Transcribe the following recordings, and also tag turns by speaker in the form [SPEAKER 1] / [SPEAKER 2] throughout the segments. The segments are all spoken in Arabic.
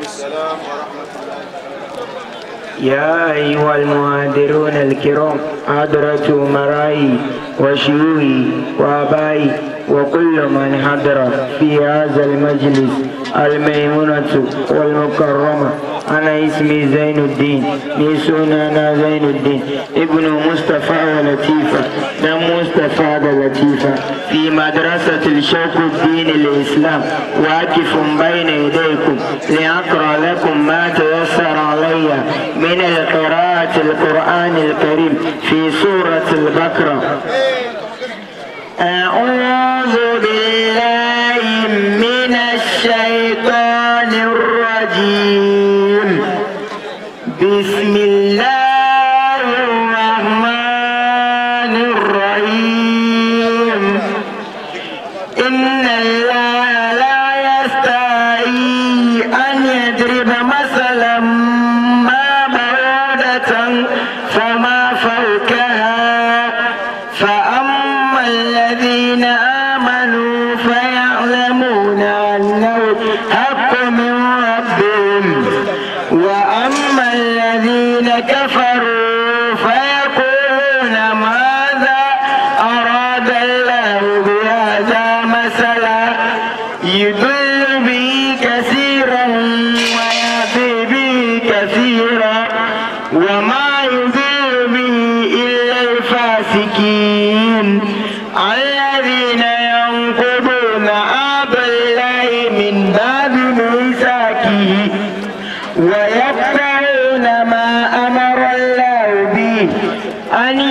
[SPEAKER 1] السلام ورحمة الله يا أيها المهادرون الكرام أدركوا مرائي وشيوي وأبائي وكل من حضر في هذا المجلس الميمونة والمكرمة أنا اسمي زين الدين أنا زين الدين ابن مصطفى ولطيفة دم مصطفى لطيفة في مدرسة الشوق الدين الإسلام واقف بين يديكم لأقرأ لكم ما تيسر علي من القراءة القرآن الكريم في سورة البقرة أعوذ Chang, former Они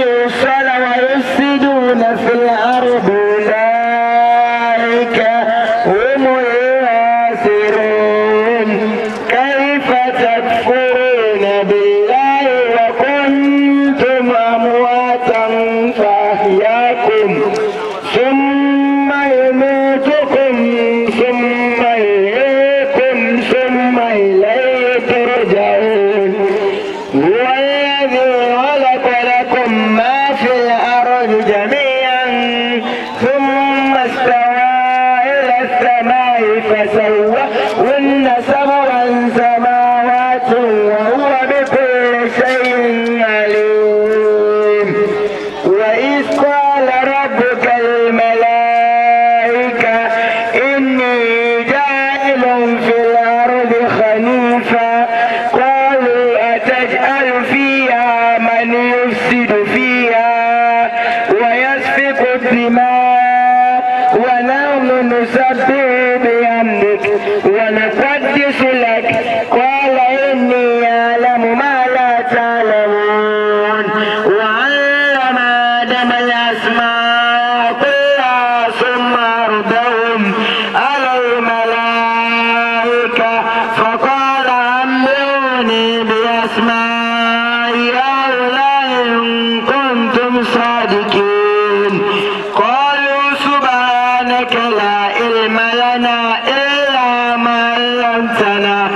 [SPEAKER 1] سبحانك لا علم لنا إلا ما علمتنا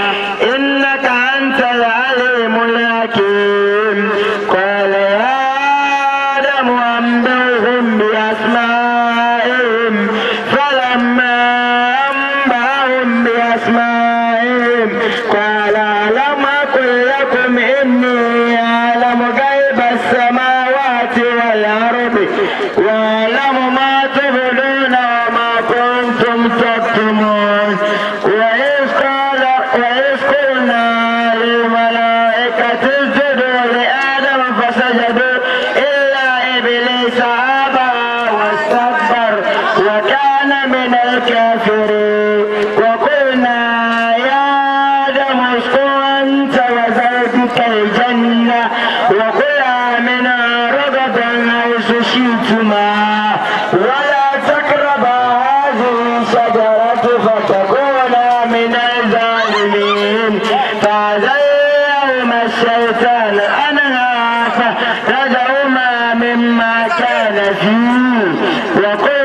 [SPEAKER 1] إنك أنت العليم الحكيم قال يا آدم أنبئهم بأسمائهم فلما أنبأهم بأسمائهم قال ألم أقل لكم إني أعلم غيب السماوات والأرض وأعلم ما تبدون الرحيم فعز يوم الشيطان أنها فردهما مما كان فيه وقل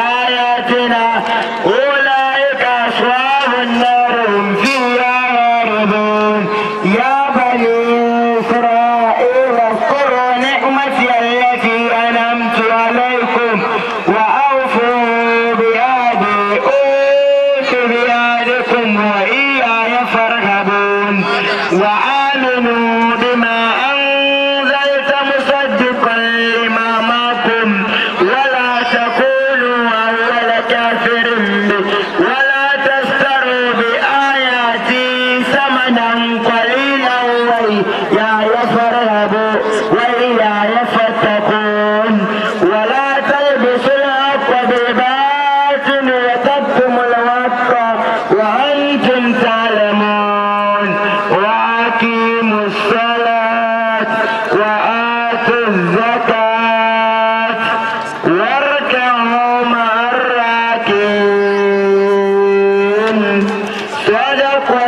[SPEAKER 1] Só